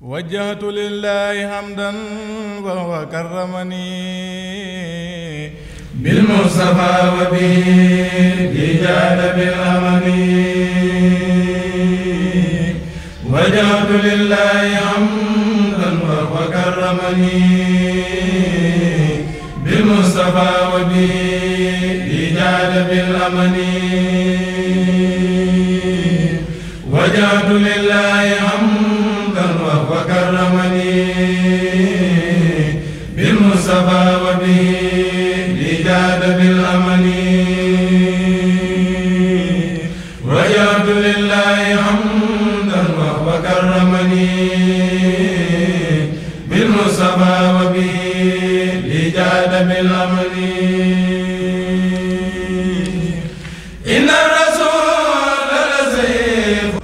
وجهت لله حمدا وهو كرمني بالمصطفى وبه جاد بالأمن وجهت لله حمدا وهو كرمني بالمصطفى وبه جاد بالأمن وجهت لله المصطفى وبه لجاد بالأمل وجعت لله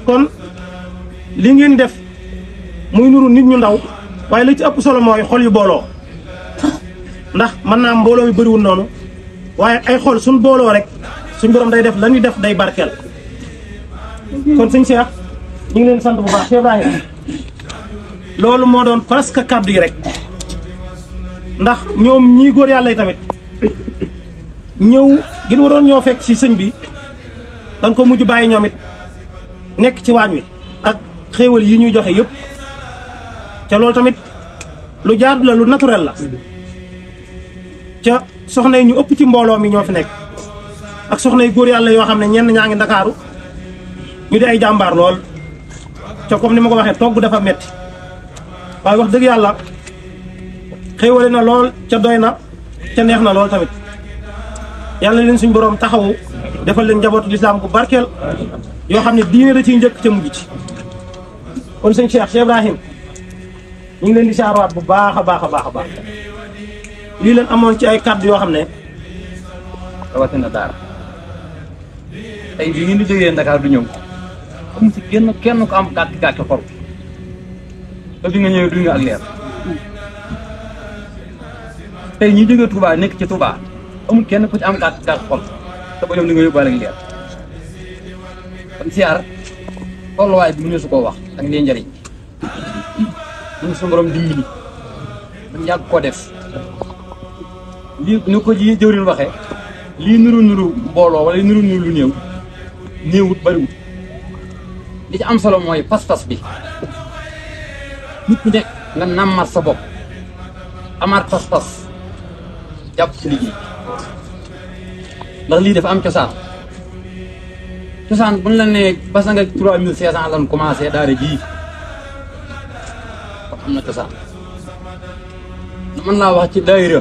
kon li ngeen def muy nuru nit ñu ndaw waaye la ci ëpp solo mooy xol yu booloo ndax mën naa mbooloo mi wu noonu waye ay xol sun bolo rek sun borom day def lañu def day barkel kon suñ Cheikh ñu ngi leen sant bu baax Cheikh ibrahim lolu mo doon presque kàddu yi rek ndax ñom ñi góor yalla yi tamit ñëw gën waroon ñoo fekk ci sëñ bi dañ ko muju baye ñomit nek ci wañu ak xewal yi ñu joxe yëpp te lolu tamit lu jaar la lu naturel la ca soxna yi ñu ëpp ci mbooloo mi ñoo fi nekk ak soxna yu góor yàlla yoo xam ne ñenn ñaa ngi ndakaaru ñu di ay jàmbaar lool ca comme ni ma ko waxee togg dafa metti waaye wax dëgg yàlla xéewale na lool ca doy na ca neex na lool tamit yàlla leen suñ boroom taxawu defal leen njabootu lislaam bu barkeel yoo xam ne diine da ciy njëkk ca mujj ci kon sëñ Cheikh Cheikh Ibrahim ñu ngi leen di saarwaat bu baax a baax baax lii leen amoon ci ay kàddu yoo xam ne te daara tey bi ngeen di jógee Ndakaar du ñëw comme si kenn kenn ko am gàkk gàkk xor te bi nga ñëwee duñu ak leer tey ñi jógee Touba nekk ci Touba amul kenn ku ci am gàkk gàkk xor te ba ñoom di nga yóbbaale ak leer kon siyaar tolluwaay bi mu ne su koo wax ak nee njëriñ ñu su borom dimbali ñu yàgg koo def lii ni ko ji jëwriñ waxee lii nuru nuru mbooloo wala nuru nuru lu néew néewut bariwut li ci am solo mooy pas-pas bi nit ku nekk nga nàmmal sa bopp amaat pas-pas jàpp si liggéey ndax lii dafa am cosaan cosaan bu ñu la nee basa nga trois mille cinq cent lan commencé daara jii kon am na cosaan mën laa wax ci daayira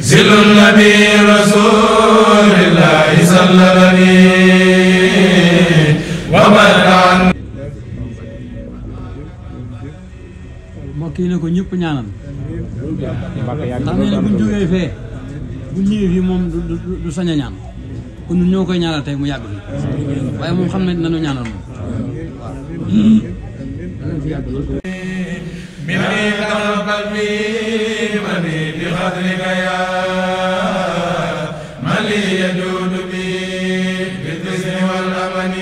زل النبي رسول الله صلى الله عليه ومن عن ko ñëpp ñaanal ndax nee na buñ bu ñëwee fii moom du ñaan ñaanal mu nañu ñaanal لي بقدرك يا من لي يجود بي بالحسن والأمن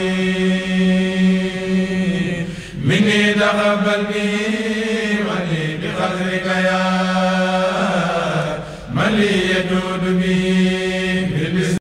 مني تقبل بي